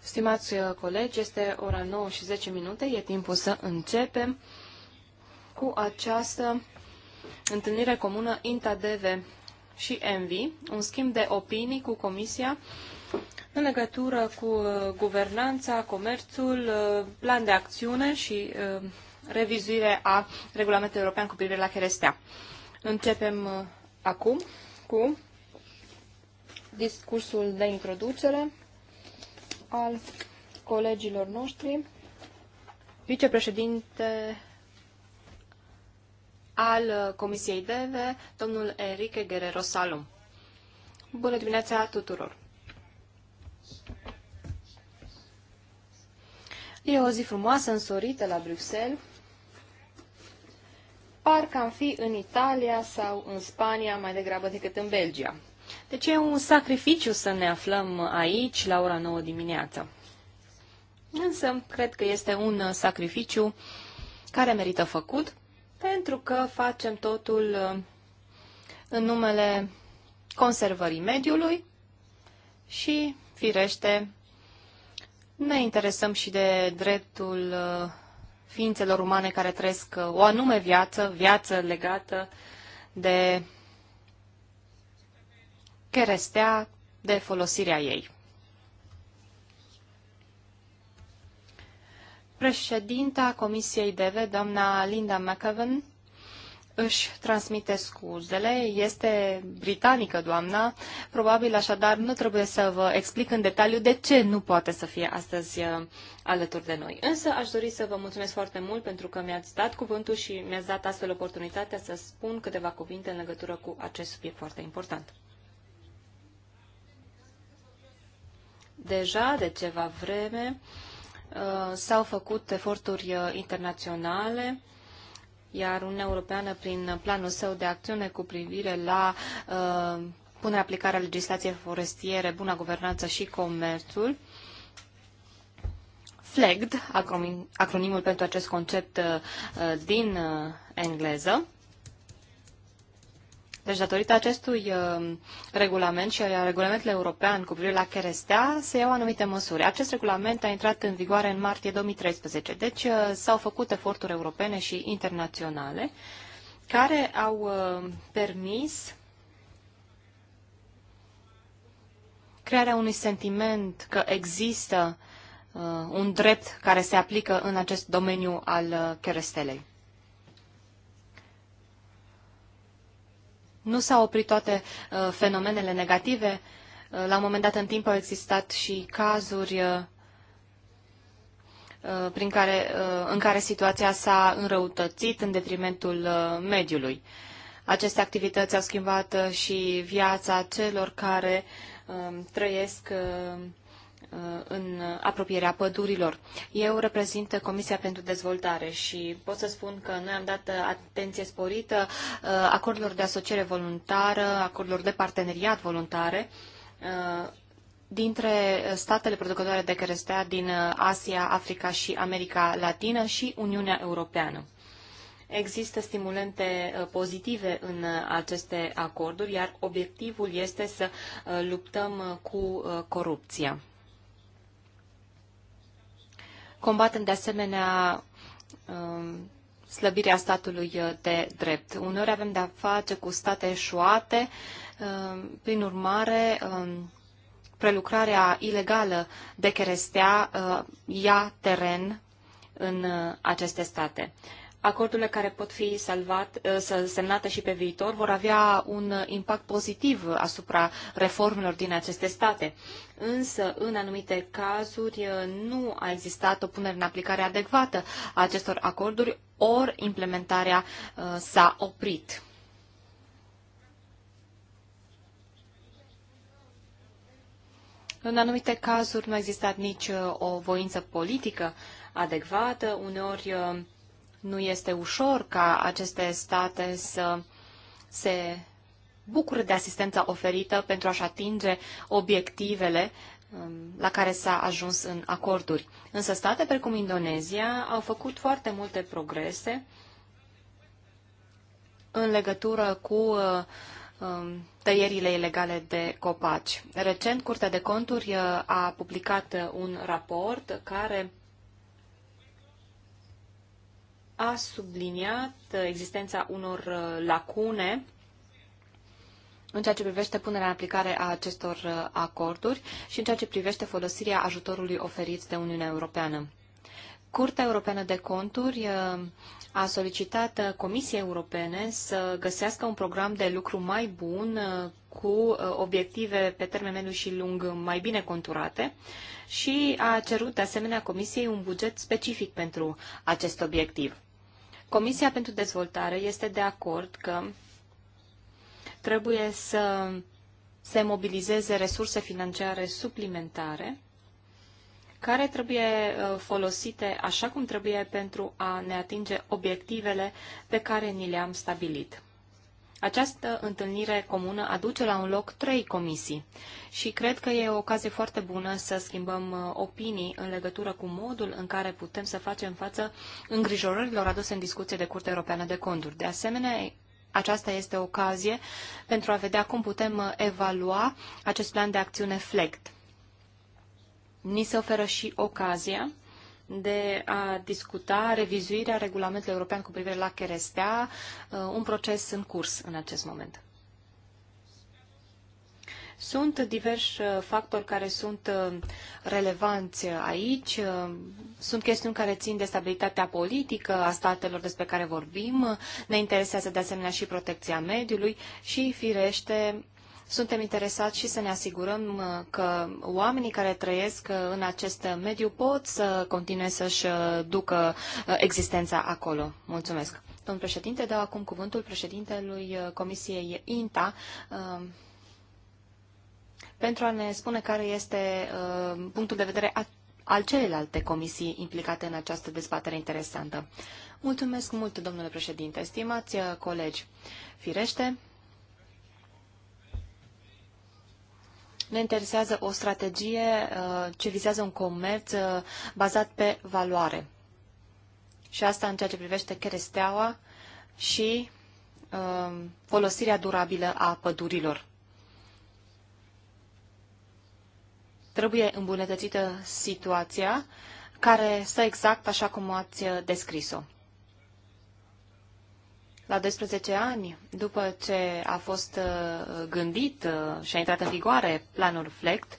Stimați uh, colegi, este ora 9 și 10 minute, e timpul să începem cu această întâlnire comună INTA-DV și ENVI, un schimb de opinii cu Comisia în legătură cu uh, guvernanța, comerțul, uh, plan de acțiune și revizuire a regulamentului european cu privire la cherestea. Începem acum cu discursul de introducere al colegilor noștri, vicepreședinte al Comisiei DEVE, domnul Enrique Guerrero Salum. Bună dimineața tuturor! E o zi frumoasă, însorită la Bruxelles. Parcă am fi în Italia sau în Spania mai degrabă decât în Belgia. Deci e un sacrificiu să ne aflăm aici la ora 9 dimineața. Însă, cred că este un sacrificiu care merită făcut, pentru că facem totul uh, în numele conservării mediului și, firește, ne interesăm și de dreptul uh, ființelor umane care trăiesc uh, o anume viață, viață legată de cherestea de folosirea ei. Președinta Comisiei DEVE, doamna Linda McEwen, își transmite scuzele, este britanică doamna, probabil așadar nu trebuie să vă explic în detaliu de ce nu poate să fie astăzi uh, alături de noi. Însă aș dori să vă mulțumesc foarte mult pentru că mi-ați dat cuvântul și mi-ați dat astfel oportunitatea să spun câteva cuvinte în legătură cu acest subiect foarte important. Deja de ceva vreme uh, s-au făcut eforturi uh, internaționale iar Uniunea Europeană, prin planul său de acțiune cu privire la uh, punerea aplicarea legislației forestiere, buna guvernanță și comerțul, FLEGD, acronimul pentru acest concept din engleză, deci, datorită acestui uh, regulament și a regulamentului european cu privire la cherestea, se iau anumite măsuri. Acest regulament a intrat în vigoare în martie 2013, deci uh, s-au făcut eforturi europene și internaționale care au uh, permis crearea unui sentiment că există un drept care se aplică în acest domeniu al cherestelei. Nu s-au oprit toate uh, fenomenele negative. Uh, la un moment dat în timp au existat și cazuri uh, uh prin care, uh, în care situația s-a înrăutățit în detrimentul uh, mediului. Aceste activități au schimbat și viața celor care um, trăiesc Uh, în apropierea pădurilor. Eu reprezint Comisia pentru Dezvoltare și pot să spun că noi am dat atenție sporită uh, acordurilor de asociere voluntară, acordurilor de parteneriat voluntare uh, dintre statele producătoare de crestea din Asia, Africa și America Latină și Uniunea Europeană. Există stimulente pozitive în aceste acorduri, iar obiectivul este să luptăm cu corupția. Combatem de asemenea um, slăbirea statului uh, de drept. Uneori avem de-a face cu state eșuate, um, prin urmare, um, prelucrarea ilegală de cherestea uh, ia teren în uh, aceste state acordurile care pot fi salvat, ă, semnate și pe viitor vor avea un impact pozitiv asupra reformelor din aceste state. Însă, în anumite cazuri, ă, nu a existat o punere în aplicare adecvată a acestor acorduri, ori implementarea ă, s-a oprit. În anumite cazuri nu a existat nici o voință politică adecvată, uneori nu este ușor ca aceste state să se bucure de asistența oferită pentru a-și atinge obiectivele um, la care s-a ajuns în acorduri. Însă state precum Indonezia au făcut foarte multe progrese în legătură cu uh, um, tăierile ilegale de copaci. Recent, Curtea de Conturi uh, a publicat uh, un raport care a subliniat existența unor uh, lacune în ceea ce privește punerea în aplicare a acestor uh, acorduri și în ceea ce privește folosirea ajutorului oferit de Uniunea Europeană. Curtea Europeană de Conturi uh, a solicitat Comisiei Europene să găsească un program de lucru mai bun cu obiective pe termen mediu și lung mai bine conturate și a cerut de asemenea Comisiei un buget specific pentru acest obiectiv. Comisia pentru Dezvoltare este de acord că trebuie să se mobilizeze resurse financiare suplimentare care trebuie uh, folosite așa cum trebuie pentru a ne atinge obiectivele pe care ni le-am stabilit. Această întâlnire comună aduce la un loc trei comisii și cred că e o ocazie foarte bună să schimbăm uh, opinii în legătură cu modul în care putem să facem față îngrijorărilor aduse în discuție de Curtea Europeană de Conturi. De asemenea, aceasta este o ocazie pentru a vedea cum putem uh, evalua acest plan de acțiune FLECT. Ni se oferă și ocazia de a discuta revizuirea regulamentului european cu privire la cherestea, uh, un proces în curs în acest moment. Sunt diversi uh, factori care sunt uh, relevanți aici. Sunt chestiuni care țin de stabilitatea politică a statelor despre care vorbim. Ne interesează de asemenea și protecția mediului și, firește, suntem interesați și să ne asigurăm uh, că oamenii care trăiesc uh, în acest mediu pot să continue să-și uh, ducă existența acolo. Mulțumesc. Domnul președinte, dau acum cuvântul președintelui Comisiei INTA pentru a ne spune care este punctul de vedere al celelalte comisii implicate în această dezbatere interesantă. Mulțumesc mult, domnule președinte, stimați colegi. Firește, Ne interesează o strategie uh, ce vizează un comerț uh, bazat pe valoare. Și asta în ceea ce privește cheresteaua și uh, folosirea durabilă a pădurilor. Trebuie îmbunătățită situația care stă exact așa cum ați descris-o. La 12 ani, după ce a fost uh, gândit uh, și a intrat în vigoare planul FLECT,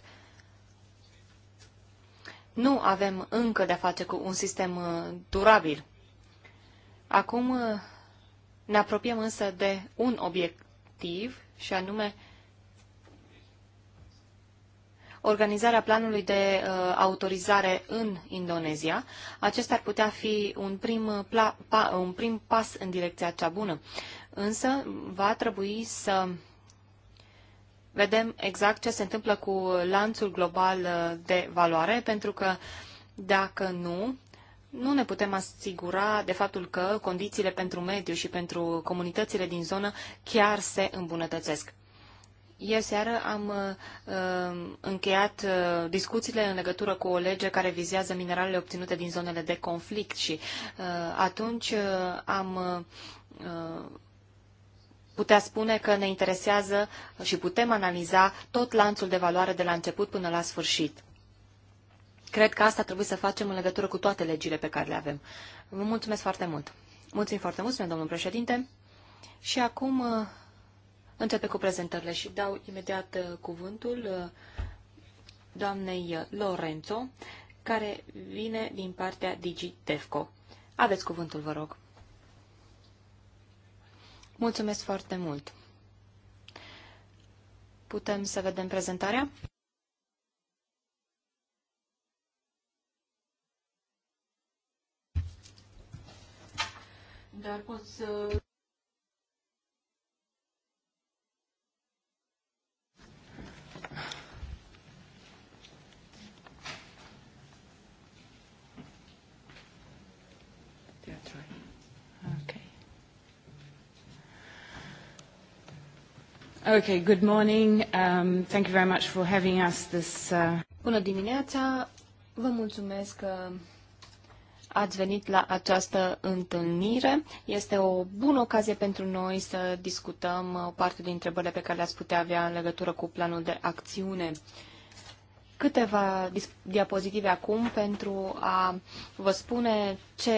nu avem încă de-a face cu un sistem uh, durabil. Acum ne apropiem însă de un obiectiv și anume organizarea planului de uh, autorizare în Indonezia. Acesta ar putea fi un prim, uh, pla, pa, un prim pas în direcția cea bună. Însă va trebui să vedem exact ce se întâmplă cu lanțul global uh, de valoare, pentru că dacă nu, nu ne putem asigura de faptul că condițiile pentru mediu și pentru comunitățile din zonă chiar se îmbunătățesc. Ieri seară am uh, încheiat uh, discuțiile în legătură cu o lege care vizează mineralele obținute din zonele de conflict și uh, atunci uh, am uh, putea spune că ne interesează și putem analiza tot lanțul de valoare de la început până la sfârșit. Cred că asta trebuie să facem în legătură cu toate legile pe care le avem. Vă mulțumesc foarte mult. Mulțumim foarte mult, domnul președinte. Și acum uh, începe cu prezentările și dau imediat uh, cuvântul uh, doamnei Lorenzo, care vine din partea DigiTefco. Aveți cuvântul, vă rog. Mulțumesc foarte mult. Putem să vedem prezentarea? Dar pot să... That's right. Okay. Okay, good morning. Um, thank you very much for having us this... Uh... Bună dimineața. Vă mulțumesc că ați venit la această întâlnire. Este o bună ocazie pentru noi să discutăm o parte din întrebările pe care le-ați putea avea în legătură cu planul de acțiune. Câteva diapozitive acum pentru a vă spune ce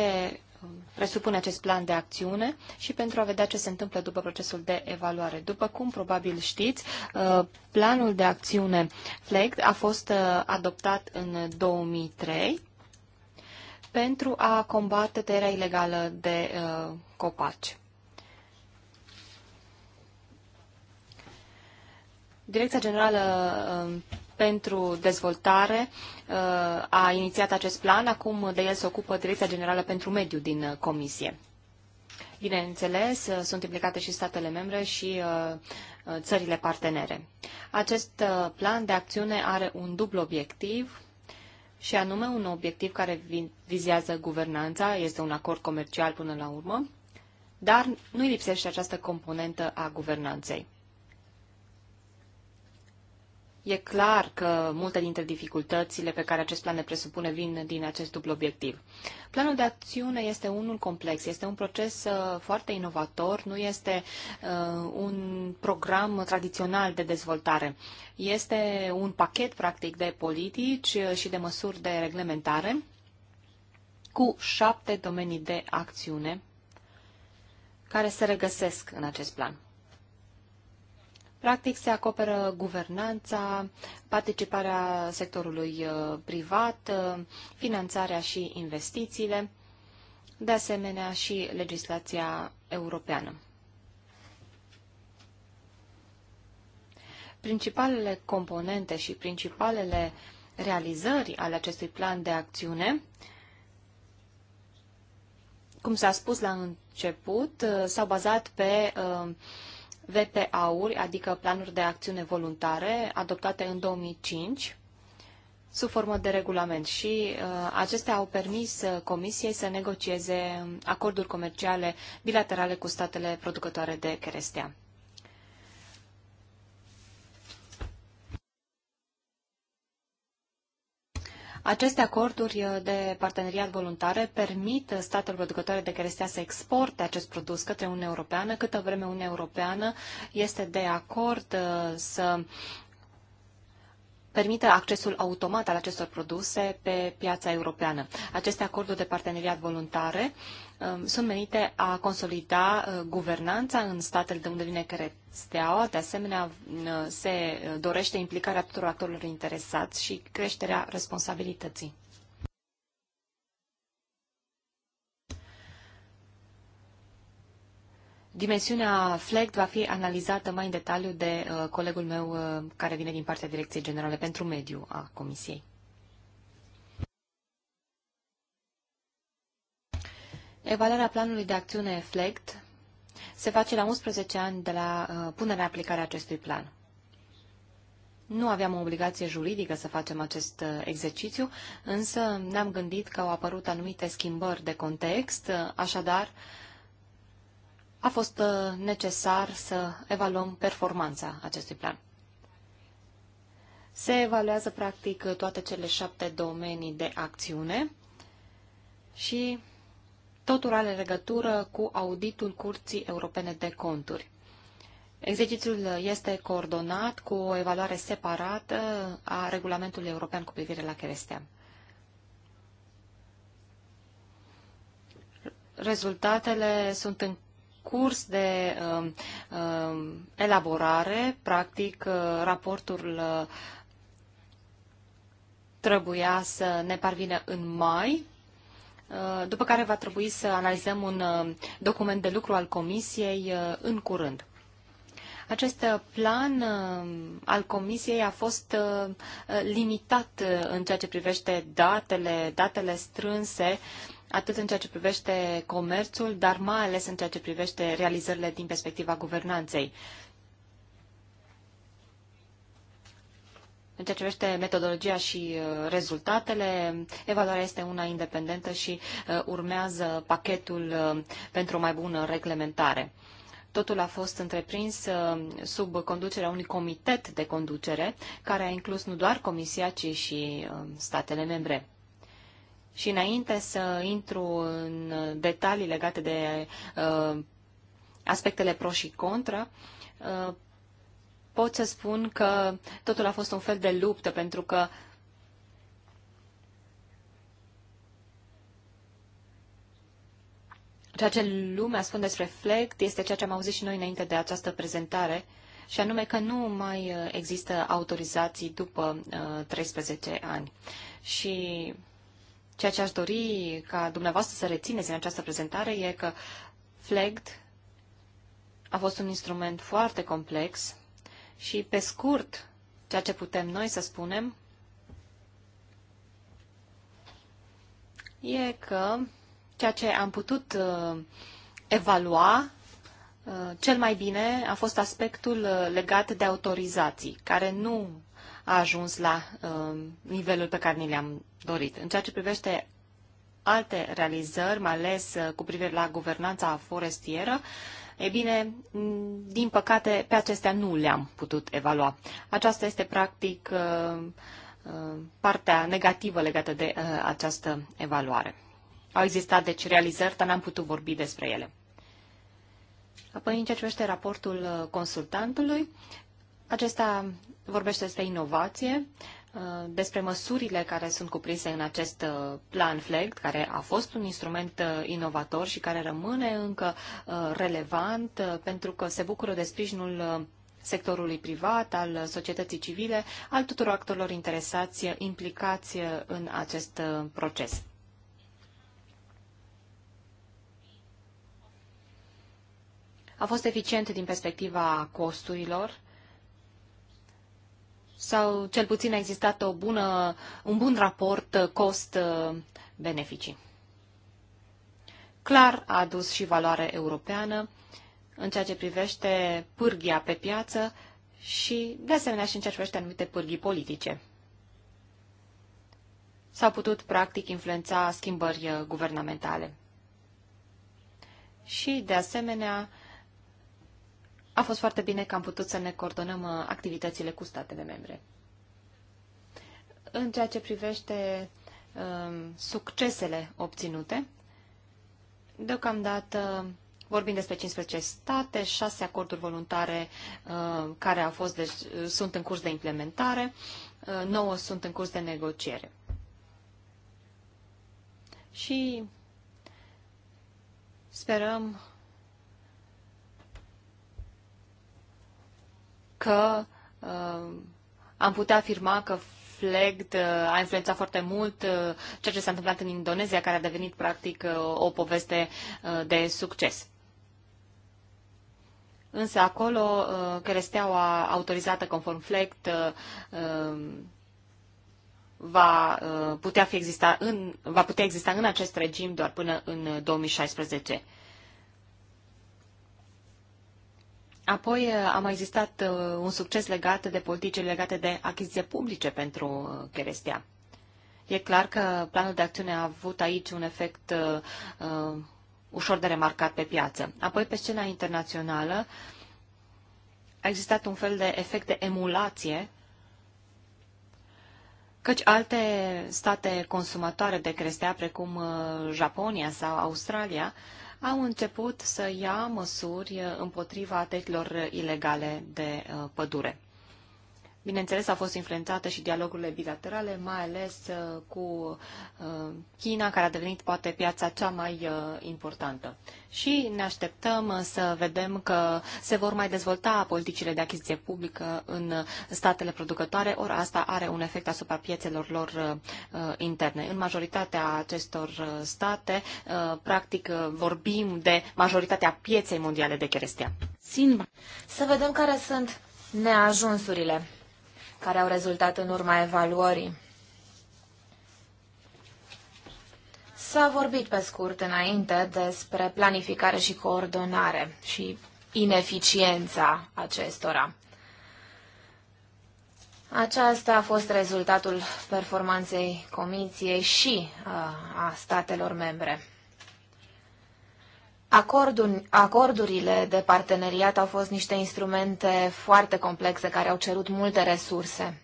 presupune acest plan de acțiune și pentru a vedea ce se întâmplă după procesul de evaluare. După cum probabil știți, uh, planul de acțiune FLEG a fost uh, adoptat în 2003 pentru a combate tăierea ilegală de uh, copaci. Direcția Generală pentru dezvoltare uh, a inițiat acest plan, acum de el se ocupă Direcția Generală pentru Mediu din uh, Comisie. Bineînțeles, uh, sunt implicate și statele membre și țările partenere. Acest plan de acțiune are un dublu obiectiv și anume un obiectiv care vizează guvernanța, este un acord comercial până la urmă, dar nu lipsește această componentă a guvernanței. E clar că multe dintre dificultățile pe care acest plan le presupune vin din acest dublu obiectiv. Planul de acțiune este unul complex, este un proces uh, foarte inovator, nu este uh, un program tradițional de dezvoltare. Este un pachet, practic, de politici uh, și de măsuri de reglementare cu șapte domenii de acțiune care se regăsesc în acest plan. Practic se acoperă guvernanța, participarea sectorului uh, privat, uh, finanțarea și investițiile, de asemenea și legislația europeană. Principalele componente și principalele realizări ale acestui plan de acțiune cum s-a spus la început, uh, s-au bazat pe VPA-uri, adică planuri de acțiune voluntare, adoptate în 2005 sub formă de regulament și uh, acestea au permis uh, Comisiei să negocieze acorduri comerciale bilaterale cu statele producătoare de cherestea. Aceste acorduri uh, de parteneriat voluntare permit uh, statelor producătoare de cherestea să exporte acest produs către Uniunea Europeană, câtă vreme Uniunea Europeană este de acord uh, să permită accesul automat al acestor produse pe piața europeană. Aceste acorduri de parteneriat voluntare uh, Um, sunt menite a consolida uh, guvernanța în statele de unde vine creșteaua. De asemenea, uh, se uh, dorește implicarea tuturor actorilor interesați și creșterea responsabilității. Dimensiunea FLEG va fi analizată mai în detaliu de colegul meu care vine din partea Direcției Generale pentru Mediu a Comisiei. Evaluarea planului de acțiune EFLECT se face la 11 ani de la uh, punerea în aplicare acestui plan. Nu aveam o obligație juridică să facem acest uh, exercițiu, însă ne-am gândit că au apărut anumite schimbări de context, uh, așadar a fost uh, necesar să evaluăm performanța acestui plan. Se evaluează practic toate cele șapte domenii de acțiune și Totul are legătură cu auditul Curții Europene de Conturi. Exercițiul este coordonat cu o evaluare separată a regulamentului european cu privire la Cherestea. Rezultatele sunt în curs de uh, uh, elaborare, practic uh, raportul uh, trebuia să ne parvină în mai Uh, după care va trebui să analizăm un uh, document de lucru al Comisiei uh, în curând. Acest plan al Comisiei a fost limitat în ceea ce privește datele, datele strânse, atât în ceea ce privește comerțul, dar mai ales în ceea ce privește realizările din perspectiva guvernanței. În ceea ce privește metodologia și uh, rezultatele, evaluarea este una independentă și uh, urmează pachetul uh, pentru o mai bună reglementare. Totul a fost întreprins sub conducerea unui comitet de conducere, care a inclus nu doar Comisia, ci și statele membre. Și înainte să intru în detalii legate de aspectele pro și contra, pot să spun că totul a fost un fel de luptă, pentru că ceea ce lumea spune despre reflect este ceea ce am auzit și noi înainte de această prezentare, și anume că nu mai uh, există autorizații după 13 uh, ani. Și ceea ce aș dori ca dumneavoastră să rețineți în această prezentare e că FLEGT a fost un instrument foarte complex și, pe scurt, ceea ce putem noi să spunem e că ceea ce am putut uh, evalua uh, cel mai bine a fost aspectul uh, legat de autorizații, care nu a ajuns la nivelul pe care ni le-am dorit. În ceea ce privește alte realizări, mai ales cu privire la guvernanța forestieră, E bine, din păcate, pe acestea nu le-am putut evalua. Aceasta este, practic, uh, uh, partea negativă legată de uh, această evaluare. Au existat, deci, realizări, dar n-am putut vorbi despre ele. Apoi, în ceea ce privește raportul consultantului, acesta vorbește despre inovație. Uh, despre măsurile care sunt cuprinse în acest uh, plan FLEG, care a fost un instrument uh, inovator și care rămâne încă relevant pentru că se bucură de sprijinul sectorului privat, al societății civile, al tuturor actorilor interesați, implicați în acest proces. A fost eficient din perspectiva costurilor, sau cel puțin a existat o bună, un bun raport cost-beneficii. Clar a adus și valoare europeană în ceea ce privește pârghia pe piață și, de asemenea, și în ceea ce privește anumite pârghii politice. S-au putut, practic, influența schimbări guvernamentale. Și, de asemenea, a fost foarte bine că am putut să ne coordonăm uh, activitățile cu statele membre. În ceea ce privește um, succesele obținute, deocamdată vorbim despre 15 state, 6 acorduri voluntare uh, care au fost deci, uh, sunt în curs de implementare, 9 sunt în curs de negociere. Și sperăm că uh, am putea afirma că Flegt uh, a influențat foarte mult uh, ceea ce s-a întâmplat în Indonezia, care a devenit practic uh, o poveste de succes. Însă acolo cresteaua autorizată conform uh, um, va putea, fi exista în, va putea exista în acest regim doar până în 2016. Apoi uh, a mai existat uh, un succes legat de politicile legate de achiziție publice pentru uh, cherestea. E clar că planul de acțiune a avut aici un efect uh, ușor de remarcat pe piață. Apoi, pe scena internațională, a existat un fel de efect de emulație, căci alte state consumatoare de crestea, precum Japonia sau Australia, uh, au început să ia măsuri împotriva atecilor ilegale de uh, pădure. Bineînțeles, au fost influențate și dialogurile bilaterale, mai ales uh, cu uh, China, care a devenit poate piața cea mai uh, importantă. Și ne așteptăm să vedem că se vor mai dezvolta politicile de achiziție publică în statele producătoare, ori asta are un efect asupra piețelor lor interne. În majoritatea acestor state, practic, vorbim de majoritatea pieței mondiale de cherestea. Simba. Să vedem care sunt neajunsurile care au rezultat în urma evaluării. S-a vorbit pe scurt înainte despre planificare și coordonare și ineficiența acestora. Aceasta a fost rezultatul performanței Comisiei și uh, a statelor membre. Acordul, acordurile de parteneriat au fost niște instrumente foarte complexe care au cerut multe resurse.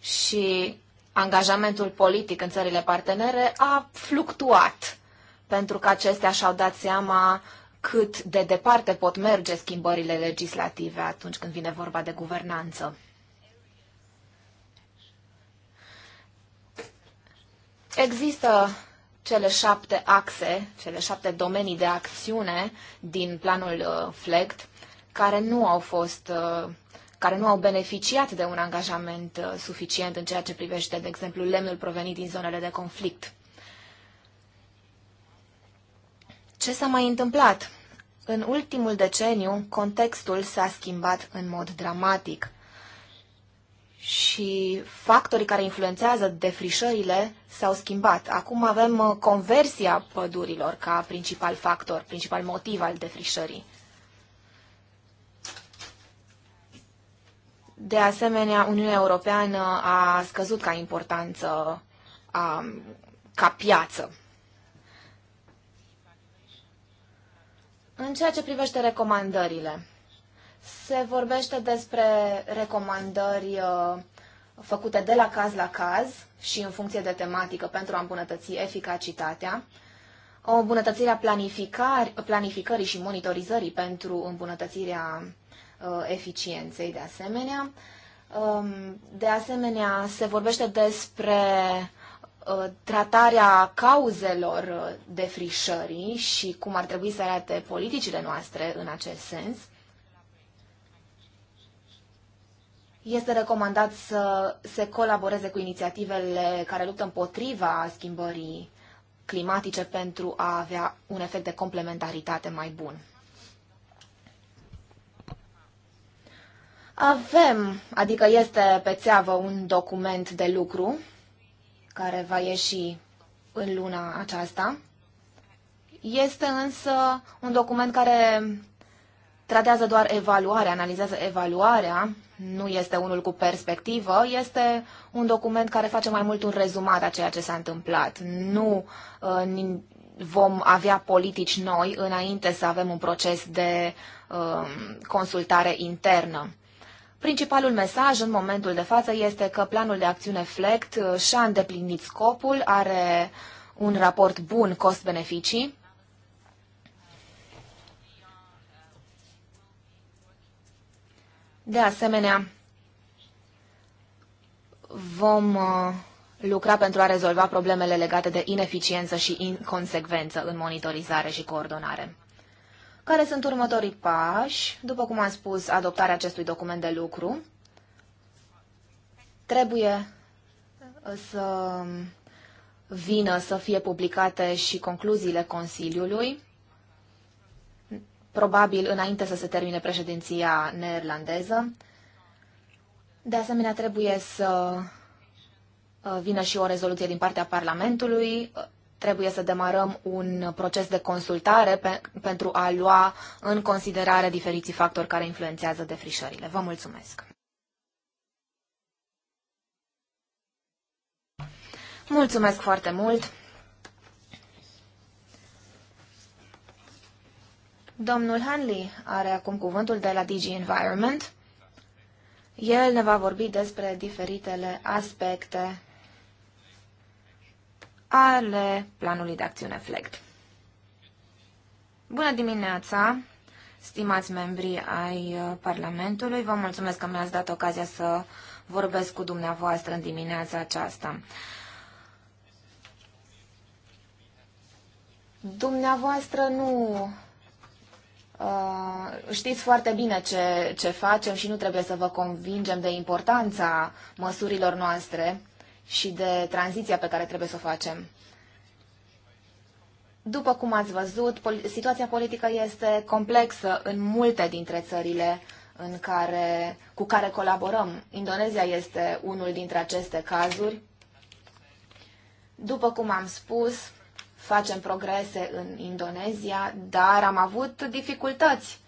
Și angajamentul politic în țările partenere a fluctuat, pentru că acestea și-au dat seama cât de departe pot merge schimbările legislative atunci când vine vorba de guvernanță. Există cele șapte axe, cele șapte domenii de acțiune din planul uh, FLECT, care nu au fost uh, care nu au beneficiat de un angajament uh, suficient în ceea ce privește, de exemplu, lemnul provenit din zonele de conflict. Ce s-a mai întâmplat? În ultimul deceniu, contextul s-a schimbat în mod dramatic și factorii care influențează defrișările s-au schimbat. Acum avem uh, conversia pădurilor ca principal factor, principal motiv al defrișării. De asemenea, Uniunea Europeană a scăzut ca importanță a, um, ca piață. În ceea ce privește recomandările, se vorbește despre recomandări uh, făcute de la caz la caz și în funcție de tematică pentru a îmbunătăți eficacitatea, o îmbunătățire a planificării și monitorizării pentru îmbunătățirea uh, eficienței de asemenea. Um, de asemenea, se vorbește despre uh, tratarea cauzelor defrișării și cum ar trebui să arate politicile noastre în acest sens. este recomandat să se colaboreze cu inițiativele care luptă împotriva schimbării climatice pentru a avea un efect de complementaritate mai bun. Avem, adică este pe țeavă un document de lucru care va ieși în luna aceasta. Este însă un document care tratează doar evaluarea, analizează evaluarea nu este unul cu perspectivă, este un document care face mai mult un rezumat a ceea ce s-a întâmplat. Nu uh, vom avea politici noi înainte să avem un proces de uh, consultare internă. Principalul mesaj în momentul de față este că planul de acțiune FLECT uh, și-a îndeplinit scopul, are un raport bun cost-beneficii, De asemenea, vom uh, lucra pentru a rezolva problemele legate de ineficiență și inconsecvență în monitorizare și coordonare. Care sunt următorii pași? După cum am spus, adoptarea acestui document de lucru. Trebuie uh, să vină să fie publicate și concluziile Consiliului probabil înainte să se termine președinția neerlandeză. De asemenea, trebuie să uh, vină și o rezoluție din partea Parlamentului. Trebuie să demarăm un proces de consultare pe, pentru a lua în considerare diferiții factori care influențează defrișările. Vă mulțumesc! Mulțumesc foarte mult! Domnul Hanley are acum cuvântul de la DG Environment. El ne va vorbi despre diferitele aspecte ale planului de acțiune FLECT. Bună dimineața, stimați membri ai uh, Parlamentului. Vă mulțumesc că mi-ați dat ocazia să vorbesc cu dumneavoastră în dimineața aceasta. Dumneavoastră nu Uh, știți foarte bine ce, ce facem și nu trebuie să vă convingem de importanța măsurilor noastre și de tranziția pe care trebuie să o facem. După cum ați văzut, situația politică este complexă în multe dintre țările în care, cu care colaborăm. Indonezia este unul dintre aceste cazuri. După cum am spus, facem progrese în Indonezia, dar am avut dificultăți.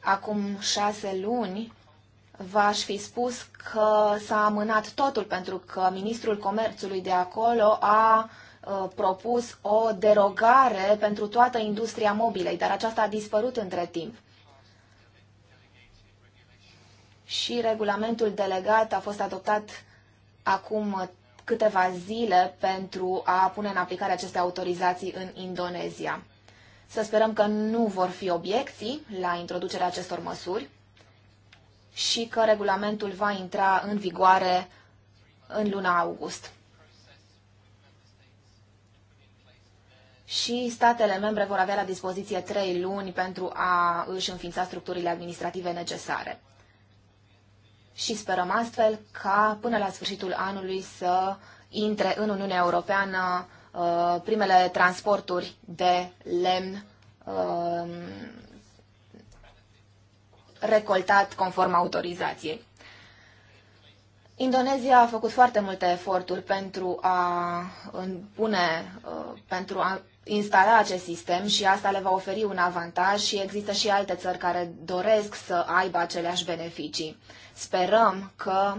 Acum șase luni v-aș fi spus că s-a amânat totul pentru că ministrul comerțului de acolo a uh, propus o derogare pentru toată industria mobilei, dar aceasta a dispărut între timp. Și regulamentul delegat a fost adoptat acum câteva zile pentru a pune în aplicare aceste autorizații în Indonezia. Să sperăm că nu vor fi obiecții la introducerea acestor măsuri și că regulamentul va intra în vigoare în luna august. Și statele membre vor avea la dispoziție trei luni pentru a își înființa structurile administrative necesare și sperăm astfel ca până la sfârșitul anului să intre în Uniunea Europeană uh, primele transporturi de lemn uh, recoltat conform autorizației. Indonezia a făcut foarte multe eforturi pentru a pune, uh, pentru a instala acest sistem și asta le va oferi un avantaj și există și alte țări care doresc să aibă aceleași beneficii. Sperăm că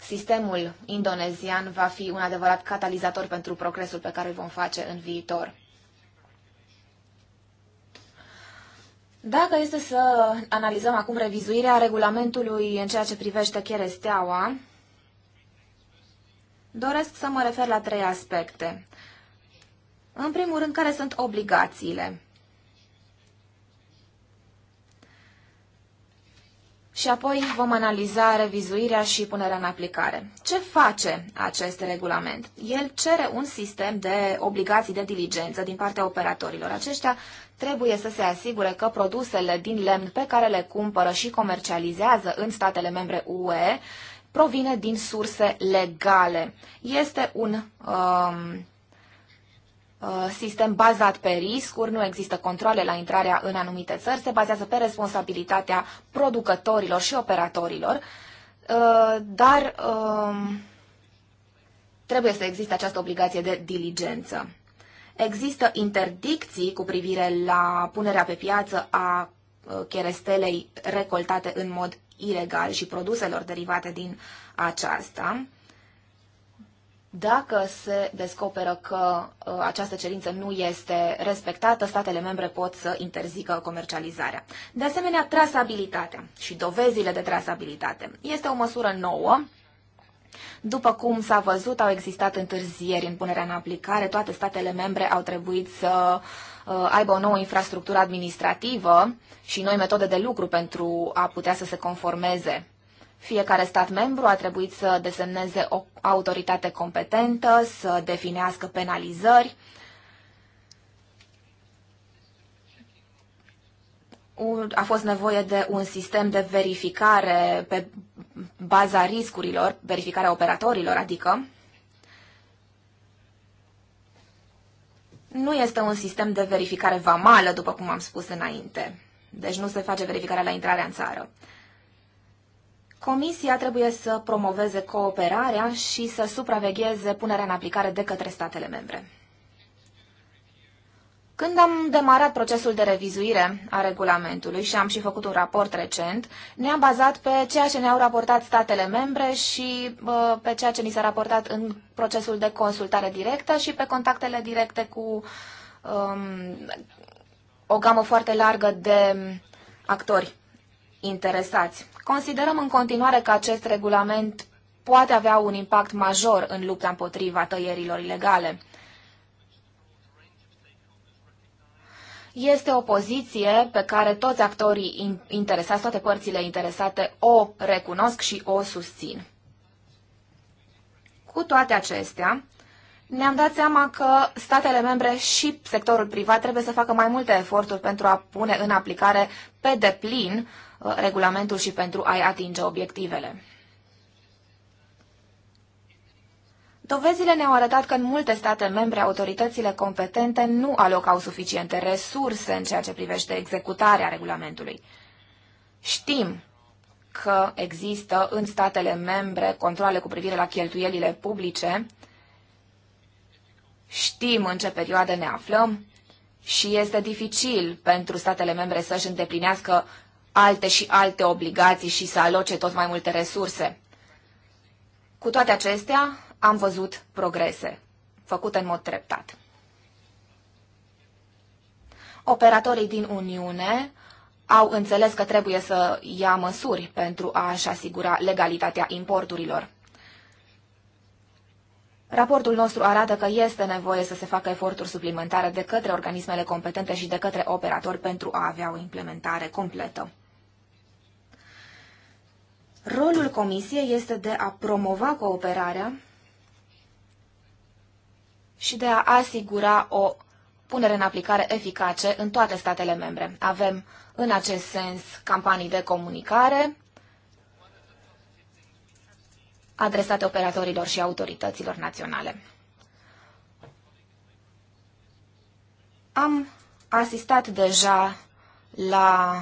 sistemul indonezian va fi un adevărat catalizator pentru progresul pe care îl vom face în viitor. Dacă este să analizăm acum revizuirea regulamentului în ceea ce privește cheresteaua, doresc să mă refer la trei aspecte. În primul rând, care sunt obligațiile? Și apoi vom analiza revizuirea și punerea în aplicare. Ce face acest regulament? El cere un sistem de obligații de diligență din partea operatorilor. Aceștia trebuie să se asigure că produsele din lemn pe care le cumpără și comercializează în statele membre UE provine din surse legale. Este un um, Uh, sistem bazat pe riscuri, nu există controle la intrarea în anumite țări, se bazează pe responsabilitatea producătorilor și operatorilor, uh, dar um, trebuie să existe această obligație de diligență. Există interdicții cu privire la punerea pe piață a uh, cherestelei recoltate în mod ilegal și produselor derivate din aceasta. Dacă se descoperă că uh, această cerință nu este respectată, statele membre pot să interzică comercializarea. De asemenea, trasabilitatea și dovezile de trasabilitate. Este o măsură nouă. După cum s-a văzut, au existat întârzieri în punerea în aplicare. Toate statele membre au trebuit să uh, aibă o nouă infrastructură administrativă și noi metode de lucru pentru a putea să se conformeze fiecare stat membru a trebuit să desemneze o autoritate competentă, să definească penalizări. A fost nevoie de un sistem de verificare pe baza riscurilor, verificarea operatorilor, adică nu este un sistem de verificare vamală, după cum am spus înainte. Deci nu se face verificarea la intrarea în țară. Comisia trebuie să promoveze cooperarea și să supravegheze punerea în aplicare de către statele membre. Când am demarat procesul de revizuire a regulamentului și am și făcut un raport recent, ne-am bazat pe ceea ce ne-au raportat statele membre și pe ceea ce ni s-a raportat în procesul de consultare directă și pe contactele directe cu um, o gamă foarte largă de actori interesați. Considerăm în continuare că acest regulament poate avea un impact major în lupta împotriva tăierilor ilegale. Este o poziție pe care toți actorii interesați, toate părțile interesate o recunosc și o susțin. Cu toate acestea, ne-am dat seama că statele membre și sectorul privat trebuie să facă mai multe eforturi pentru a pune în aplicare pe deplin uh, Uh, regulamentul și pentru a-i atinge obiectivele. Dovezile ne-au arătat că în multe state membre autoritățile competente nu alocau suficiente resurse în ceea ce privește executarea regulamentului. Știm că există în statele membre controle cu privire la cheltuielile publice, știm în ce perioadă ne aflăm și este dificil pentru statele membre să-și îndeplinească alte și alte obligații și să aloce tot mai multe resurse. Cu toate acestea, am văzut progrese, făcute în mod treptat. Operatorii din Uniune au înțeles că trebuie să ia măsuri pentru a-și asigura legalitatea importurilor. Raportul nostru arată că este nevoie să se facă eforturi suplimentare de către organismele competente și de către operatori pentru a avea o implementare completă. Rolul Comisiei este de a promova cooperarea și de a asigura o punere în aplicare eficace în toate statele membre. Avem în acest sens campanii de comunicare adresate operatorilor și autorităților naționale. Am asistat deja la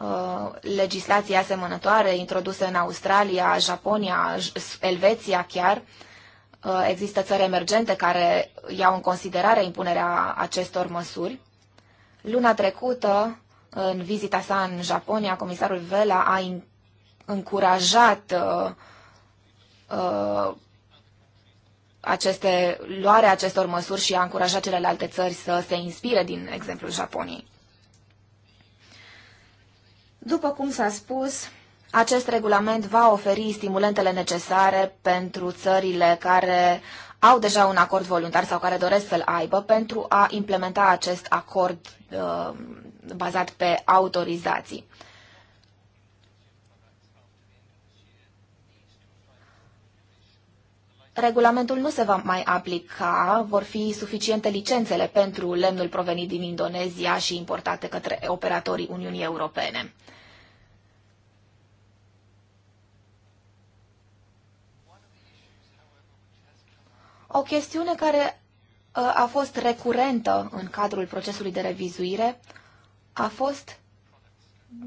uh, legislație asemănătoare introduse în Australia, Japonia, Elveția chiar. Uh, există țări emergente care iau în considerare impunerea acestor măsuri. Luna trecută, în vizita sa în Japonia, comisarul Vela a încurajat uh, uh, aceste, luarea acestor măsuri și a încurajat celelalte țări să se inspire din exemplul Japoniei. După cum s-a spus, acest regulament va oferi stimulentele necesare pentru țările care au deja un acord voluntar sau care doresc să-l aibă pentru a implementa acest acord uh, bazat pe autorizații. Regulamentul nu se va mai aplica, vor fi suficiente licențele pentru lemnul provenit din Indonezia și importate către operatorii Uniunii Europene. O chestiune care uh, a fost recurentă în cadrul procesului de revizuire a fost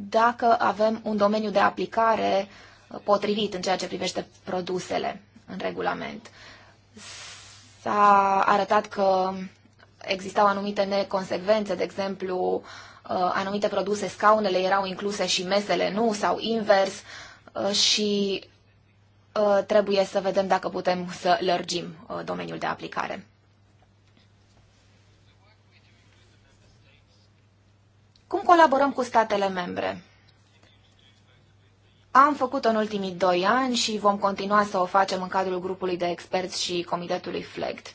dacă avem un domeniu de aplicare uh, potrivit în ceea ce privește produsele în regulament. S-a arătat că existau anumite neconsecvențe, de exemplu, uh, anumite produse, scaunele erau incluse și mesele nu, sau invers, și Uh, trebuie să vedem dacă putem să lărgim uh, domeniul de aplicare. Cum colaborăm cu statele membre? Am făcut-o în ultimii doi ani și vom continua să o facem în cadrul grupului de experți și comitetului FLEGT.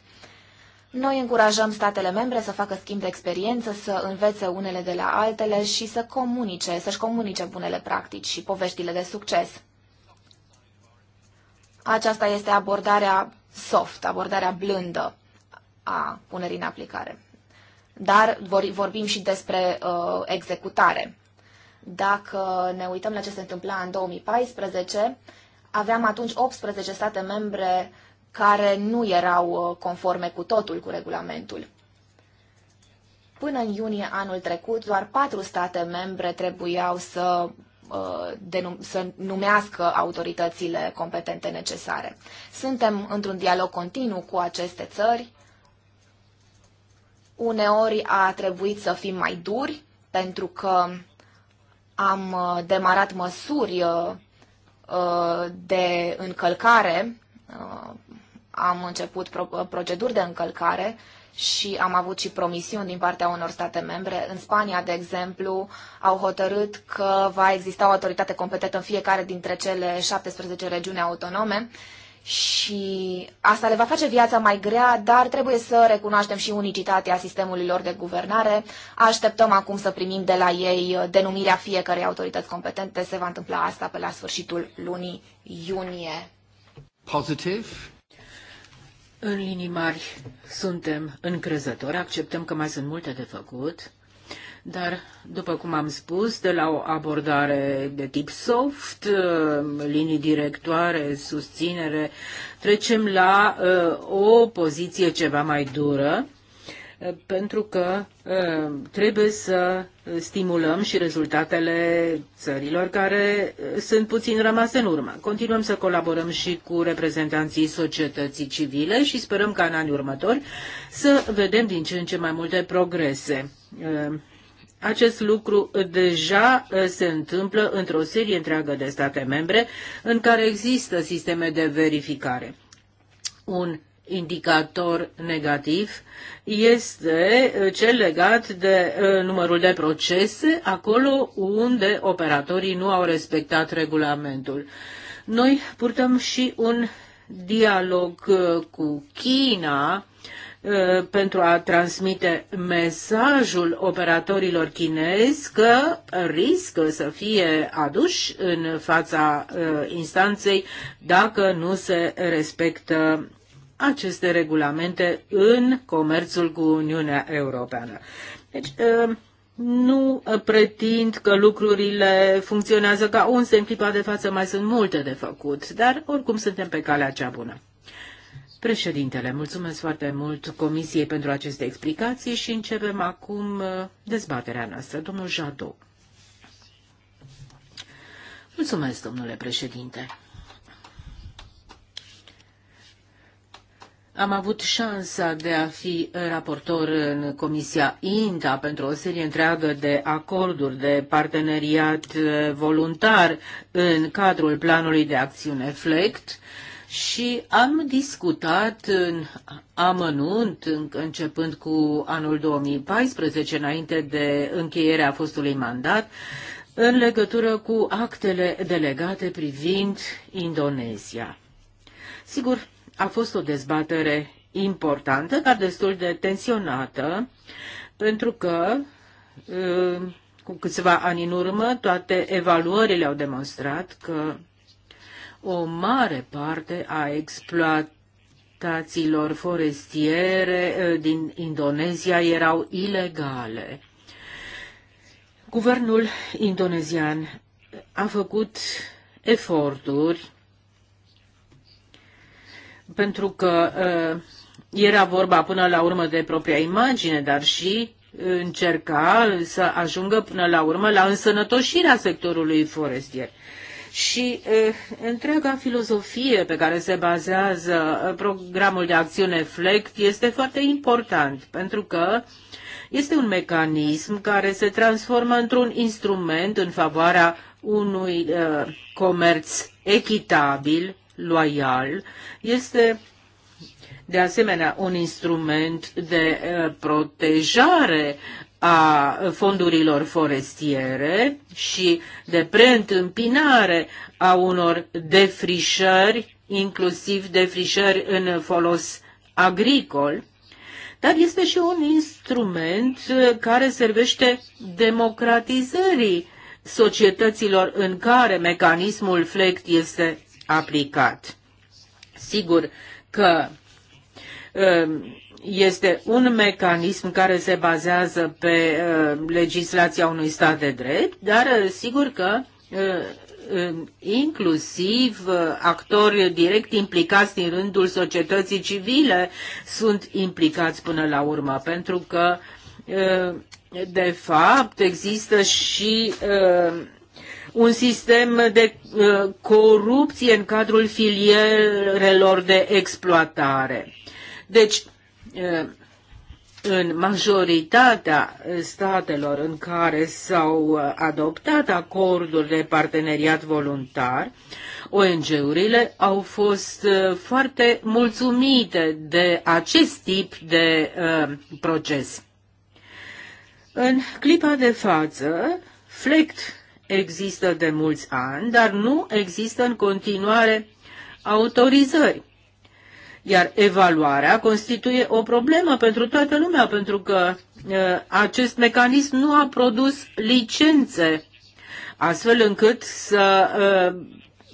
Noi încurajăm statele membre să facă schimb de experiență, să învețe unele de la altele și să comunice, să-și comunice bunele practici și poveștile de succes. Aceasta este abordarea soft, abordarea blândă a punerii în aplicare. Dar vorbim și despre uh, executare. Dacă ne uităm la ce se întâmpla în 2014, aveam atunci 18 state membre care nu erau uh, conforme cu totul cu regulamentul. Până în iunie anul trecut, doar patru state membre trebuiau să Uh, să numească autoritățile competente necesare. Suntem într-un dialog continuu cu aceste țări. Uneori a trebuit să fim mai duri pentru că am uh, demarat măsuri uh, de încălcare, am început proceduri de încălcare și am avut și promisiuni din partea unor state membre. În Spania, de exemplu, au hotărât că va exista o autoritate competentă în fiecare dintre cele 17 regiuni autonome și asta le va face viața mai grea, dar trebuie să recunoaștem și unicitatea sistemului lor de guvernare. Așteptăm acum să primim de la ei denumirea fiecărei autorități competente. Se va întâmpla asta pe la sfârșitul lunii iunie. Positive. În linii mari suntem încrezători, acceptăm că mai sunt multe de făcut, dar, după cum am spus, de la o abordare de tip soft, uh, linii directoare, susținere, trecem la uh, o poziție ceva mai dură Eh, pentru că eh, trebuie să stimulăm și rezultatele țărilor care eh, sunt puțin rămase în urmă. Continuăm să colaborăm și cu reprezentanții societății civile și sperăm ca în anii următori să vedem din ce în ce mai multe progrese. Acest lucru deja se întâmplă într-o serie întreagă de state membre în care există sisteme de verificare. Un indicator negativ este uh, cel legat de uh, numărul de procese acolo unde operatorii nu au respectat regulamentul. Noi purtăm și un dialog uh, cu China pentru a transmite mesajul operatorilor chinezi că riscă să fie aduși în fața instanței dacă nu se respectă aceste regulamente în comerțul cu Uniunea Europeană. Deci, uh, nu uh, pretind că lucrurile funcționează ca un în clipa de față, mai sunt multe de făcut, dar oricum suntem pe calea cea bună. Președintele, mulțumesc foarte mult Comisiei pentru aceste explicații și începem acum uh, dezbaterea noastră. Domnul Jadot. Mulțumesc, domnule președinte. Am avut șansa de a fi raportor în Comisia INTA pentru o serie întreagă de acorduri de parteneriat voluntar în cadrul planului de acțiune FLECT și am discutat în amănunt, începând cu anul 2014, înainte de încheierea fostului mandat, în legătură cu actele delegate privind Indonezia. Sigur, a fost o dezbatere importantă, dar destul de tensionată, pentru că uh, cu câțiva ani în urmă toate evaluările au demonstrat că o mare parte a exploatațiilor forestiere uh, din Indonezia erau ilegale. Guvernul indonezian a făcut eforturi pentru că uh, era vorba până la urmă de propria imagine, dar și încerca să ajungă până la urmă la însănătoșirea sectorului forestier. Și uh, întreaga filozofie pe care se bazează uh, programul de acțiune FLECT este foarte important, pentru că este un mecanism care se transformă într-un instrument în favoarea unui comerț echitabil, loial este de asemenea un instrument de eh, protejare a fondurilor forestiere și de preîntâmpinare a unor defrișări, inclusiv defrișări în folos agricol, dar este și un instrument eh, care servește democratizării societăților în care mecanismul FLECT este aplicat. Sigur că um, este un mecanism care se bazează pe um, legislația unui stat de drept, dar uh, sigur că uh, um, inclusiv uh, actori direct implicați din rândul societății civile sunt implicați până la urmă, pentru că de fapt există și uh, un sistem de uh, corupție în cadrul filierelor de exploatare. Deci, uh, în majoritatea statelor în care s-au uh, adoptat acorduri de parteneriat voluntar, ONG-urile au fost foarte mulțumite de acest tip de proces. În clipa de față, FLECT există de mulți ani, dar nu există în continuare autorizări. Iar evaluarea constituie o problemă pentru toată lumea, pentru că uh, acest mecanism nu a produs licențe, astfel încât să uh,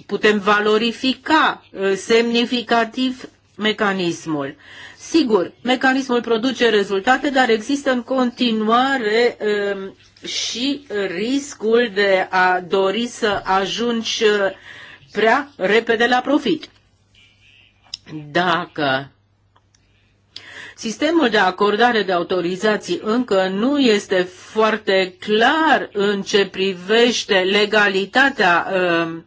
putem valorifica uh, semnificativ mecanismul. Sigur, mecanismul produce rezultate, dar există în continuare um, și riscul de a dori să ajungi uh, prea repede la profit. Dacă Sistemul de acordare de autorizații încă nu este foarte clar în ce privește legalitatea um,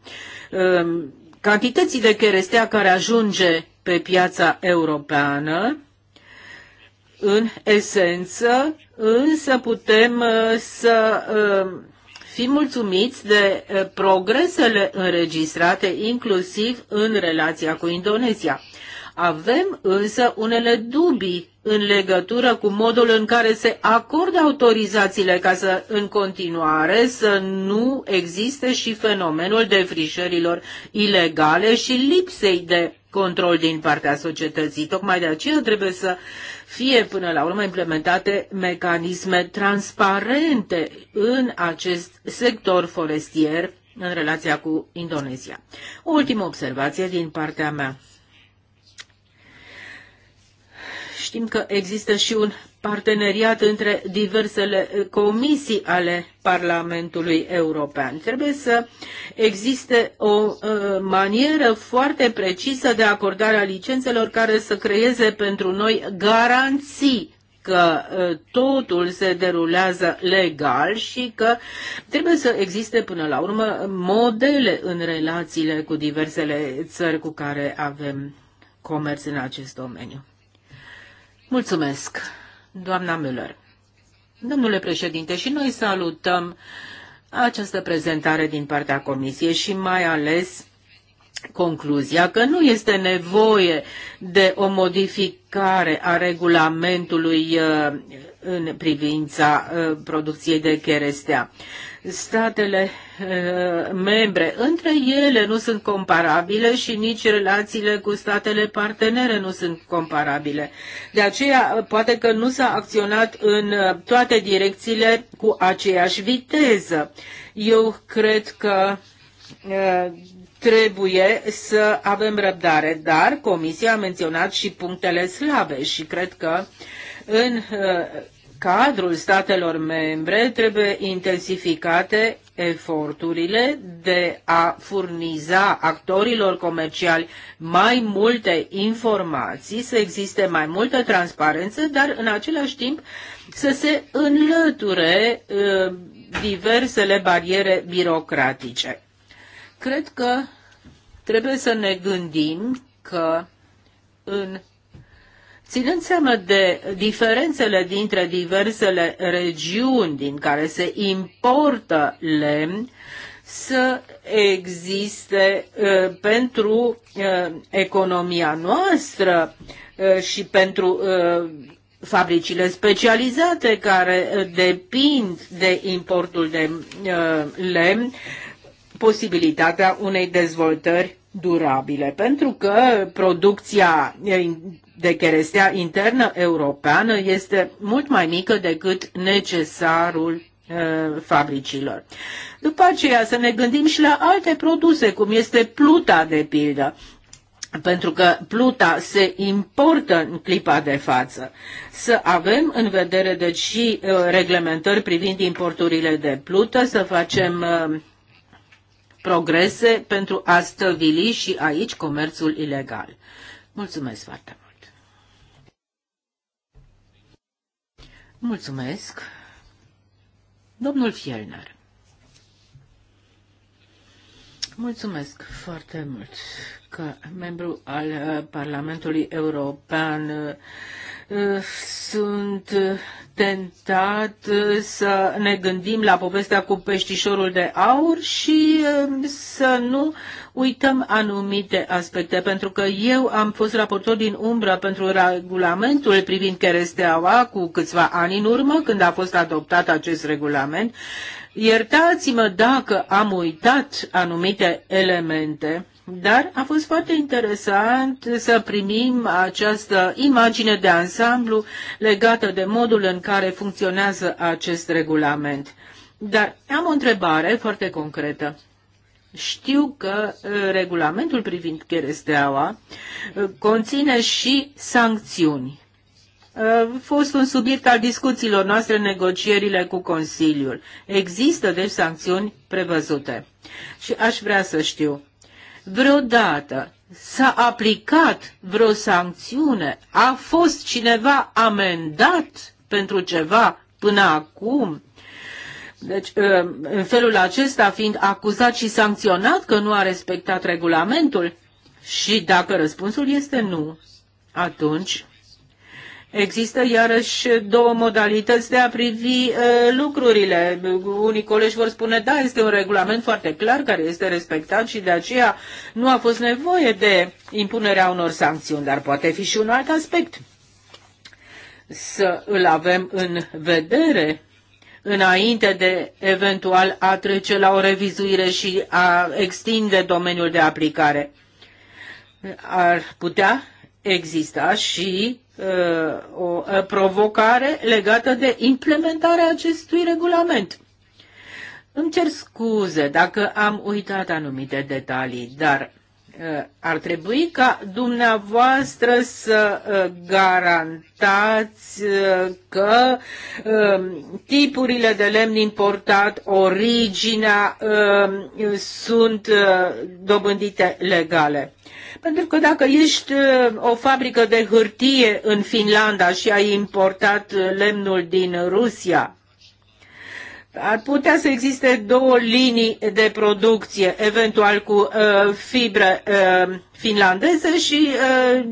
um, cantității de cherestea care ajunge pe piața europeană, în esență, însă putem uh, să uh, fim mulțumiți de uh, progresele înregistrate, inclusiv în relația cu Indonezia. Avem însă unele dubii în legătură cu modul în care se acordă autorizațiile ca să, în continuare, să nu existe și fenomenul defrișărilor ilegale și lipsei de control din partea societății. Tocmai de aceea trebuie să fie până la urmă implementate mecanisme transparente în acest sector forestier în relația cu Indonezia. O ultimă observație din partea mea. Știm că există și un parteneriat între diversele eh, comisii ale Parlamentului European. Trebuie să existe o eh, manieră foarte precisă de acordarea licențelor care să creeze pentru noi garanții că eh, totul se derulează legal și că trebuie să existe până la urmă modele în relațiile cu diversele țări cu care avem comerț în acest domeniu. Mulțumesc! Doamna Müller. Domnule președinte, și noi salutăm această prezentare din partea Comisiei și mai ales concluzia că nu este nevoie de o modificare a regulamentului uh, în privința uh, producției de cherestea. Statele uh, membre între ele nu sunt comparabile și nici relațiile cu statele partenere nu sunt comparabile. De aceea, poate că nu s-a acționat în toate direcțiile cu aceeași viteză. Eu cred că trebuie să avem răbdare, dar Comisia a menționat și punctele slabe și cred că în uh, cadrul statelor membre trebuie intensificate eforturile de a furniza actorilor comerciali mai multe informații, să existe mai multă transparență, dar în același timp să se înlăture uh, diversele bariere birocratice. Cred că trebuie să ne gândim că în Ținând seama de diferențele dintre diversele regiuni din care se importă lemn, să existe uh, pentru uh, economia noastră uh, și pentru fabricile specializate care depind de importul de lemn, posibilitatea unei dezvoltări durabile, pentru că producția de cherestea internă europeană este mult mai mică decât necesarul uh, fabricilor. După aceea să ne gândim și la alte produse, cum este pluta de pildă, pentru că pluta se importă în clipa de față. Să avem în vedere deci și uh, reglementări privind importurile de plută, să facem uh, progrese pentru a stăvili și aici comerțul ilegal. Mulțumesc foarte mult! Mulțumesc! Domnul Fielner. Mulțumesc foarte mult. Ca membru al uh, Parlamentului European uh, Eh, sunt eh, tentat eh, să ne gândim la povestea cu peștișorul de aur și să nu uităm anumite aspecte, pentru că eu am fost raportor din umbră pentru regulamentul privind cheresteaua cu câțiva ani în urmă, când a fost adoptat acest regulament. Iertați-mă dacă am uitat anumite elemente dar a fost foarte interesant să primim această imagine de ansamblu legată de modul în care funcționează acest regulament. Dar am o întrebare foarte concretă. Știu că uh, regulamentul privind cheresteaua uh, conține și sancțiuni. Uh, a fost un subiect al discuțiilor noastre în negocierile cu Consiliul. Există, deci, sancțiuni prevăzute. Și aș vrea să știu vreodată s-a aplicat vreo sancțiune? A fost cineva amendat pentru ceva până acum? Deci, ă, în felul acesta, fiind acuzat și sancționat că nu a respectat regulamentul, și dacă răspunsul este nu, atunci Există iarăși două modalități de a privi uh, lucrurile. Unii colegi vor spune, da, este un regulament foarte clar care este respectat și de aceea nu a fost nevoie de impunerea unor sancțiuni, dar poate fi și un alt aspect să îl avem în vedere înainte de eventual a trece la o revizuire și a extinde domeniul de aplicare. Ar putea exista și Uh, o uh, provocare legată de implementarea acestui regulament. Îmi cer scuze dacă am uitat anumite detalii, dar ar trebui ca dumneavoastră să uh, garantați uh, că um, tipurile de lemn importat, originea, um, sunt uh, dobândite legale. Pentru că dacă ești o fabrică de hârtie în Finlanda și ai importat lemnul din Rusia, ar putea să existe două linii de producție, eventual cu uh, fibră uh, finlandeză și uh,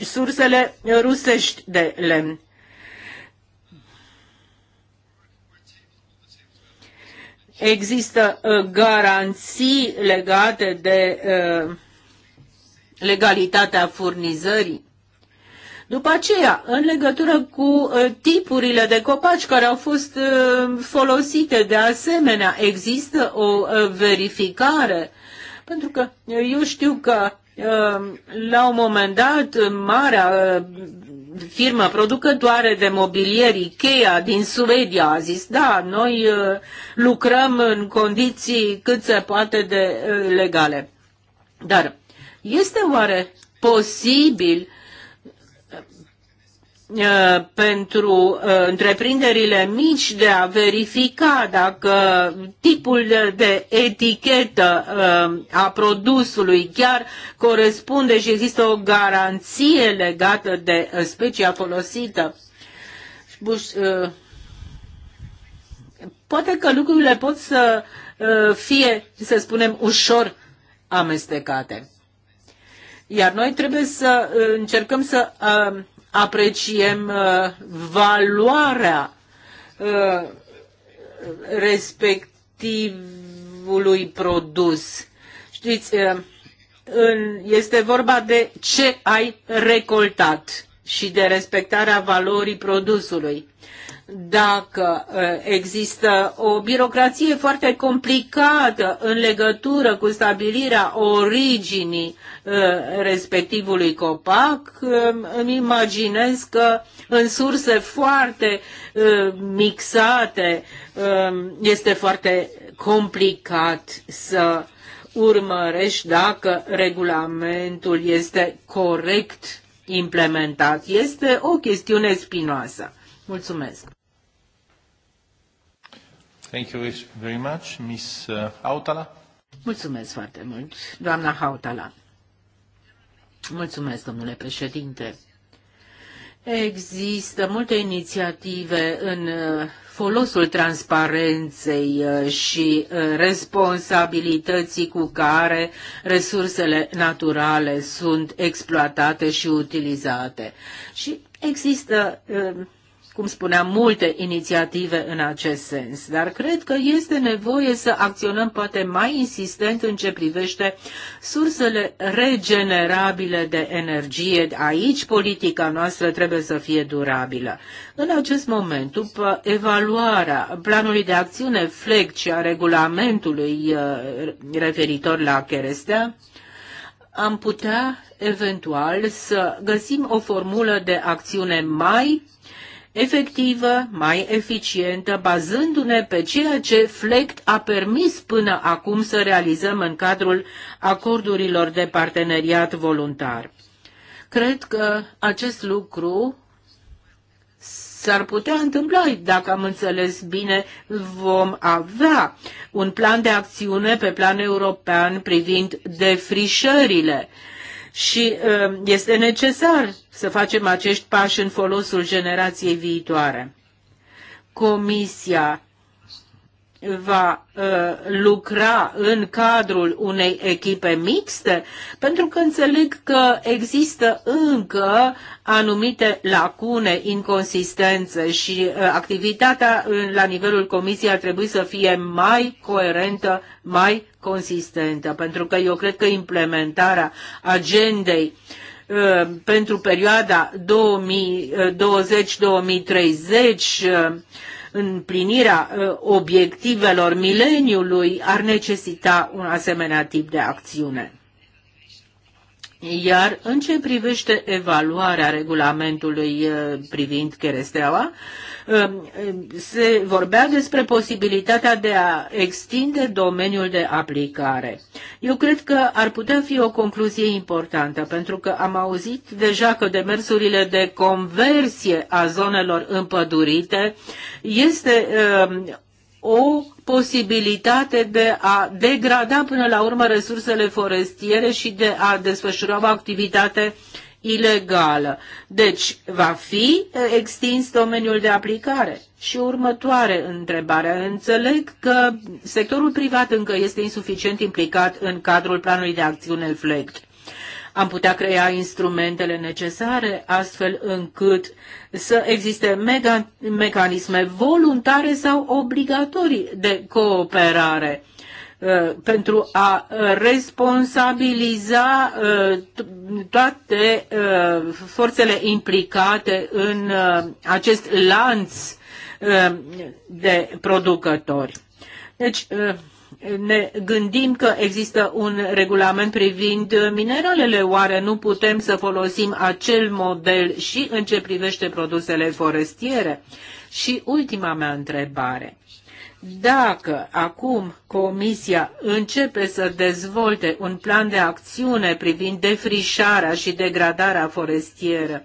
sursele rusești de lemn. Există uh, garanții legate de uh, legalitatea furnizării. După aceea, în legătură cu uh, tipurile de copaci care au fost uh, folosite de asemenea, există o uh, verificare? Pentru că eu știu că la un moment dat, marea firmă producătoare de mobilier Ikea din Suedia a zis, da, noi lucrăm în condiții cât se poate de legale. Dar este oare posibil Uh, pentru uh, întreprinderile mici de a verifica dacă tipul de etichetă uh, a produsului chiar corespunde și există o garanție legată de specia folosită. Poate că lucrurile pot să fie, să spunem, ușor amestecate. Iar noi trebuie să încercăm să apreciem uh, valoarea uh, respectivului produs. Știți, uh, este vorba de ce ai recoltat și de respectarea valorii produsului dacă există o birocrație foarte complicată în legătură cu stabilirea originii respectivului copac, îmi imaginez că în surse foarte mixate este foarte complicat să urmărești dacă regulamentul este corect implementat. Este o chestiune spinoasă. Mulțumesc! Thank you very much, Miss uh, Hautala. Mulțumesc foarte mult, doamna Hautala. Mulțumesc, domnule președinte. Există multe inițiative în uh, folosul transparenței uh, și responsabilității cu care resursele naturale sunt exploatate și utilizate. Și există cum spuneam, multe inițiative în acest sens, dar cred că este nevoie să acționăm poate mai insistent în ce privește sursele regenerabile de energie. Aici politica noastră trebuie să fie durabilă. În acest moment, după evaluarea planului de acțiune FLEC și a regulamentului uh, referitor la cherestea, am putea eventual să găsim o formulă de acțiune mai efectivă, mai eficientă, bazându-ne pe ceea ce FLECT a permis până acum să realizăm în cadrul acordurilor de parteneriat voluntar. Cred că acest lucru s-ar putea întâmpla, dacă am înțeles bine, vom avea un plan de acțiune pe plan european privind defrișările. Și ă, este necesar să facem acești pași în folosul generației viitoare. Comisia va uh, lucra în cadrul unei echipe mixte, pentru că înțeleg că există încă anumite lacune, inconsistențe și uh, activitatea în, la nivelul comisiei ar trebui să fie mai coerentă, mai consistentă, pentru că eu cred că implementarea agendei uh, Uh, pentru perioada 2020-2030 uh, împlinirea uh, obiectivelor mileniului ar necesita un asemenea tip de acțiune. Iar în ce privește evaluarea regulamentului uh, privind cheresteaua, uh, uh, se vorbea despre posibilitatea de a extinde domeniul de aplicare. Eu cred că ar putea fi o concluzie importantă, pentru că am auzit deja că demersurile de conversie a zonelor împădurite este o posibilitate de a degrada până la urmă resursele forestiere și de a desfășura o activitate ilegală. Deci, va fi eh, extins domeniul de aplicare? Și următoare întrebare. Înțeleg că sectorul privat încă este insuficient implicat în cadrul planului de acțiune FLECT am putea crea instrumentele necesare astfel încât să existe mega, mecanisme voluntare sau obligatorii de cooperare uh, pentru a responsabiliza uh, toate uh, forțele implicate în acest lanț de producători. Deci, ne gândim că există un regulament privind mineralele, oare nu putem să folosim acel model și în ce privește produsele forestiere? Și ultima mea întrebare. Dacă acum Comisia începe să dezvolte un plan de acțiune privind defrișarea și degradarea forestieră.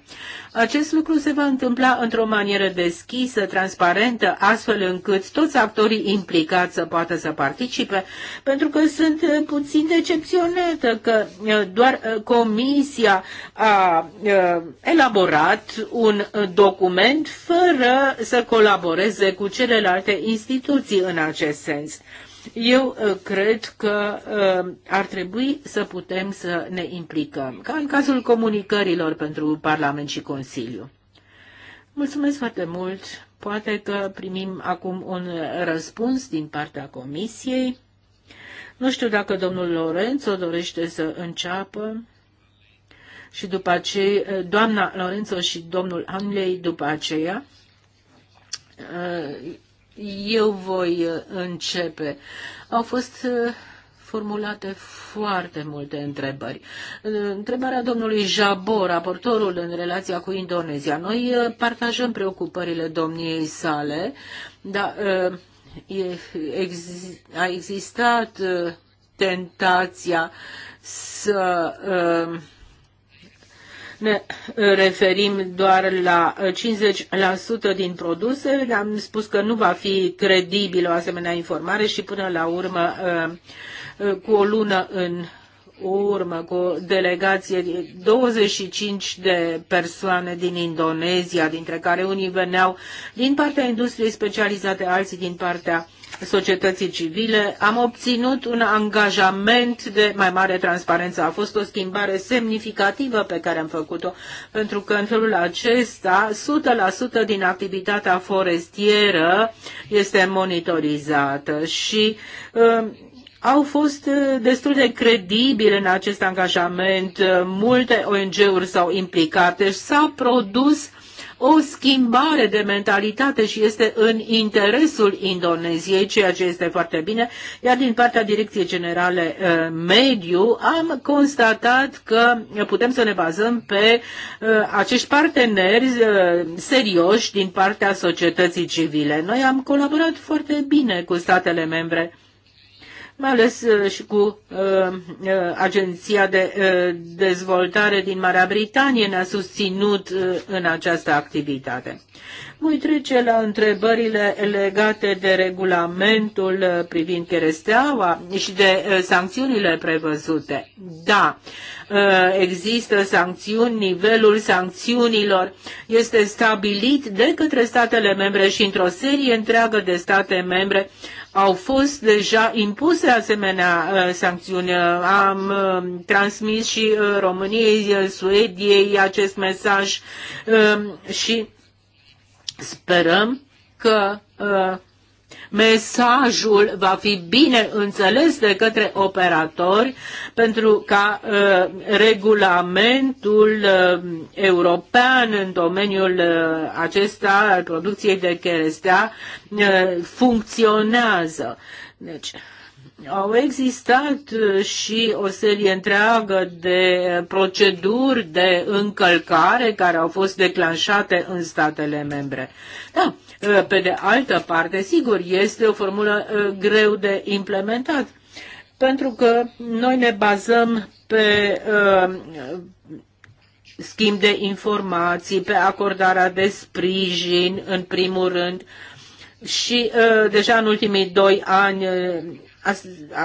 Acest lucru se va întâmpla într-o manieră deschisă, transparentă, astfel încât toți actorii implicați să poată să participe, pentru că sunt uh, puțin decepționată că uh, doar uh, Comisia a elaborat un document fără să colaboreze cu celelalte instituții în acest sens. Eu uh, cred că uh, ar trebui să putem să ne implicăm, ca în cazul comunicărilor pentru Parlament și Consiliu. Mulțumesc foarte mult. Poate că primim acum un răspuns din partea Comisiei. Nu știu dacă domnul Lorenzo dorește să înceapă și după aceea, uh, doamna Lorenzo și domnul Anglei, după aceea eu voi uh, începe. Au fost uh, formulate foarte multe întrebări. Uh, întrebarea domnului Jabor, raportorul în relația cu Indonezia. Noi partajăm preocupările domniei sale, dar a existat tentația să ne eh, referim doar la 50% eh, din produse. Am spus că nu va fi credibilă o asemenea informare și până la urmă, eh, cu o lună în urmă, cu o delegație, 25 de persoane din Indonezia, dintre care unii veneau din partea industriei specializate, alții din partea uh, societății civile, am obținut un angajament de mai mare transparență. A fost o schimbare semnificativă pe care am făcut-o, pentru că în felul acesta 100% din activitatea forestieră este monitorizată și uh, au fost uh, destul de credibile în acest angajament. Uh, multe ONG-uri s-au implicat, deci s-a produs uh, o schimbare de mentalitate și este în interesul Indoneziei, ceea ce este foarte bine. Iar din partea Direcției Generale uh, Mediu am constatat că putem să ne bazăm pe uh, acești parteneri uh, serioși din partea societății civile. Noi am colaborat foarte bine cu statele membre mai ales uh, și cu uh, uh, Agenția de Dezvoltare din Marea Britanie ne-a susținut în această activitate. Voi trece la întrebările legate de regulamentul privind cheresteaua și de sancțiunile prevăzute. Da, există sancțiuni, nivelul sancțiunilor este stabilit de către statele membre și într-o serie întreagă de state membre au fost deja impuse asemenea uh, sancțiuni. Uh, am uh, transmis și României, Suediei acest mesaj și sperăm că mesajul va fi bine înțeles de către operatori pentru ca uh, regulamentul uh, european în domeniul uh, acesta al producției de cherestea uh, funcționează. Deci, au existat uh, și o serie întreagă de uh, proceduri de încălcare care au fost declanșate în statele membre. Da, pe de altă parte, sigur, este o formulă greu de implementat, pentru că noi ne bazăm pe schimb de informații, pe acordarea de sprijin, în primul rând, și deja în ultimii doi ani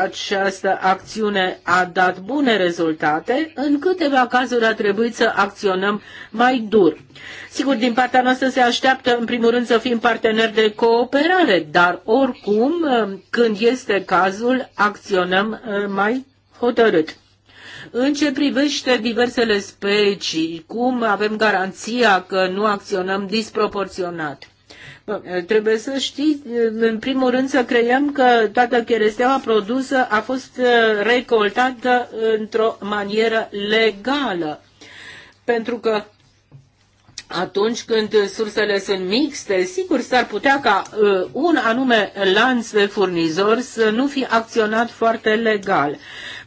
această acțiune a dat bune rezultate, în câteva cazuri a trebuit să acționăm mai dur. Sigur, din partea noastră se așteaptă, în primul rând, să fim parteneri de cooperare, dar oricum, um, când este cazul, acționăm uh, mai hotărât. În ce privește diversele specii, cum avem garanția că nu acționăm disproporționat? Trebuie să știți, în primul rând, să creăm că toată cheresteaua produsă a fost uh, recoltată într-o manieră legală. Pentru că atunci când sursele sunt mixte, sigur s-ar putea ca uh, un anume lanț de furnizori să nu fi acționat foarte legal.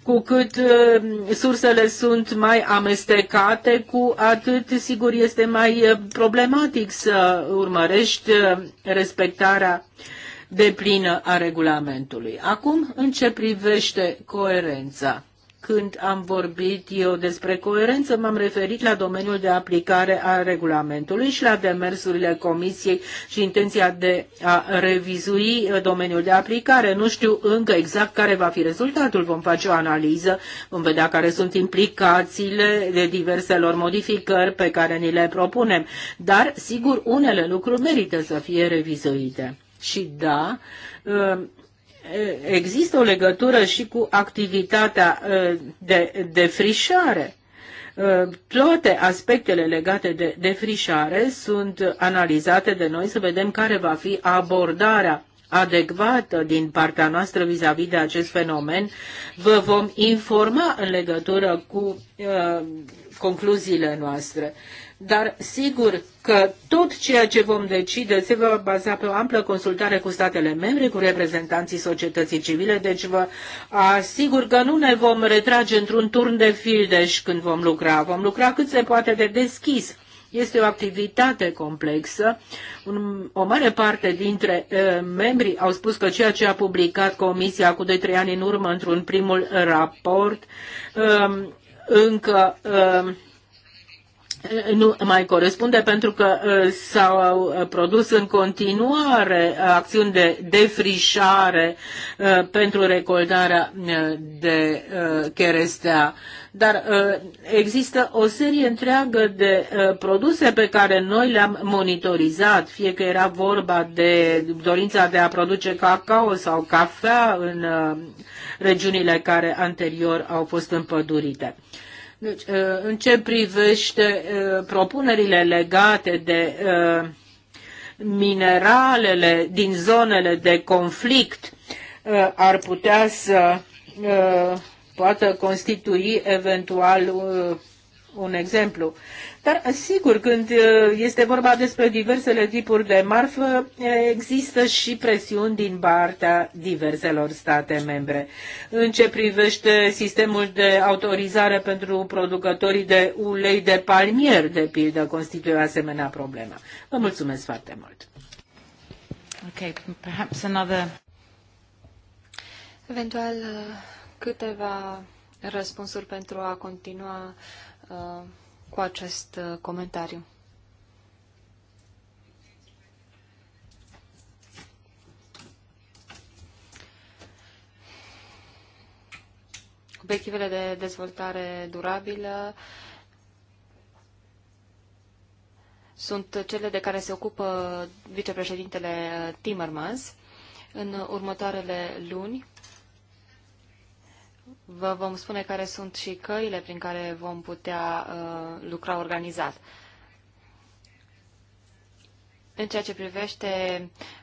Cu cât uh, sursele sunt mai amestecate, cu atât, sigur, este mai uh, problematic să urmărești uh, respectarea deplină a regulamentului. Acum, în ce privește coerența? Când am vorbit eu despre coerență, m-am referit la domeniul de aplicare a regulamentului și la demersurile Comisiei și intenția de a revizui uh, domeniul de aplicare. Nu știu încă exact care va fi rezultatul. Vom face o analiză, vom vedea care sunt implicațiile de diverselor modificări pe care ni le propunem. Dar, sigur, unele lucruri merită să fie revizuite. Și da, uh, există o legătură și cu activitatea uh, de defrișare. Uh, toate aspectele legate de defrișare sunt analizate de noi să vedem care va fi abordarea adecvată din partea noastră vis-a-vis -vis de acest fenomen. Vă vom informa în legătură cu uh, concluziile noastre dar sigur că tot ceea ce vom decide se va baza pe o amplă consultare cu statele membre, cu reprezentanții societății civile, deci vă asigur că nu ne vom retrage într-un turn de fildeș când vom lucra, vom lucra cât se poate de deschis. Este o activitate complexă. Un, o mare parte dintre uh, membrii au spus că ceea ce a publicat Comisia cu de trei ani în urmă într-un primul raport uh, încă uh, Eh, nu mai corespunde pentru că eh, s-au eh, produs în continuare acțiuni de defrișare pentru recoltarea de cherestea. Dar există o serie întreagă de produse pe care noi le-am monitorizat, fie că era vorba de dorința de a produce cacao sau cafea în regiunile care anterior au fost împădurite. Deci, uh, în ce privește uh, propunerile legate de uh, mineralele din zonele de conflict, ar putea să poată constitui eventual un exemplu. Dar, sigur, când uh, este vorba despre diversele tipuri de marfă, uh, există și presiuni din partea diverselor state membre. În ce privește sistemul de autorizare pentru producătorii de ulei de palmier, de pildă, constituie asemenea problema. Vă mulțumesc foarte mult! Okay, perhaps another... Eventual uh, câteva răspunsuri pentru a continua Uh, cu acest uh, comentariu. Obiectivele de dezvoltare durabilă sunt cele de care se ocupă vicepreședintele uh, Timmermans. În următoarele luni Vă vom spune care sunt și căile prin care vom putea uh, lucra organizat. În ceea ce privește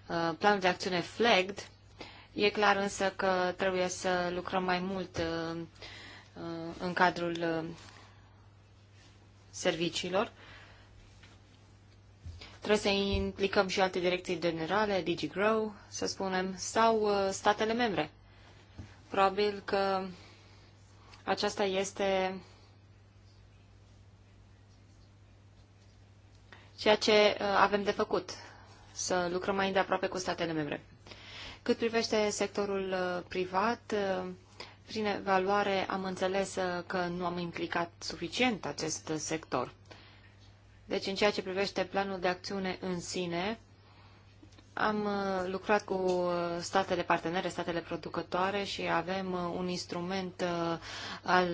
uh, planul de acțiune FLEGD, e clar însă că trebuie să lucrăm mai mult uh, uh în cadrul uh, serviciilor. Trebuie să implicăm și alte direcții generale, DigiGrow, să spunem, sau uh, statele membre. Probabil că aceasta este ceea ce uh, avem de făcut, să lucrăm mai îndeaproape cu statele membre. Cât privește sectorul uh, privat, uh, prin evaluare am înțeles că nu am implicat suficient acest sector. Deci, în ceea ce privește planul de acțiune în sine, am uh, lucrat cu uh, statele partenere, statele producătoare și avem uh, un instrument al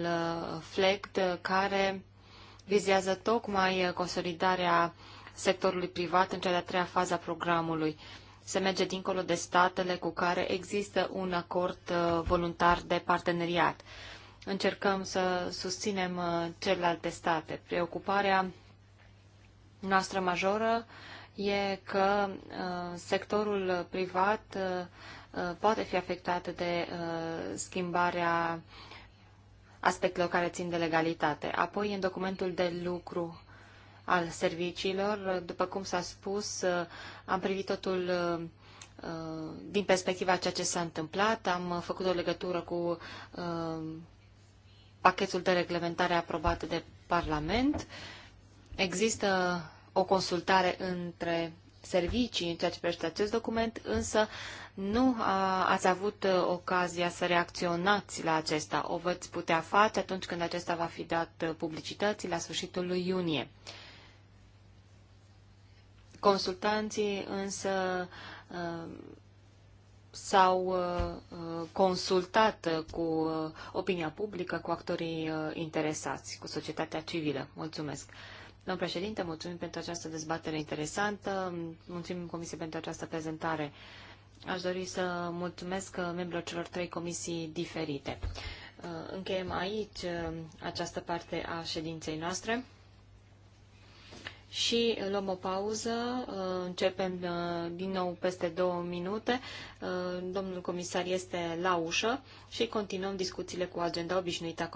FLECT care vizează tocmai consolidarea sectorului privat în cea de-a treia fază a programului. Se merge dincolo de statele cu care există un acord voluntar de parteneriat. Încercăm să susținem celelalte state. Preocuparea noastră majoră uh, e că uh, sectorul privat uh, uh, poate fi afectat de schimbarea aspectelor care țin de legalitate. Apoi, în documentul de lucru al serviciilor, după cum s-a spus, am privit totul din perspectiva ceea ce s-a întâmplat, am făcut o legătură cu pachetul de reglementare aprobat de Parlament. Există o consultare între servicii în ceea ce privește acest document, însă nu a, ați avut uh, ocazia să reacționați la acesta. O veți putea face atunci când acesta va fi dat uh, publicității la sfârșitul lui iunie. Consultanții însă uh, s-au consultat cu opinia publică, cu actorii interesați, cu societatea civilă. Mulțumesc! Domn președinte, mulțumim pentru această dezbatere interesantă, mulțumim Comisiei pentru această prezentare. Aș dori să mulțumesc membrilor celor trei comisii diferite. Uh, încheiem aici uh, această parte a ședinței noastre și luăm o pauză. Uh, începem din nou peste două minute. Domnul comisar este la ușă și continuăm discuțiile cu agenda obișnuită.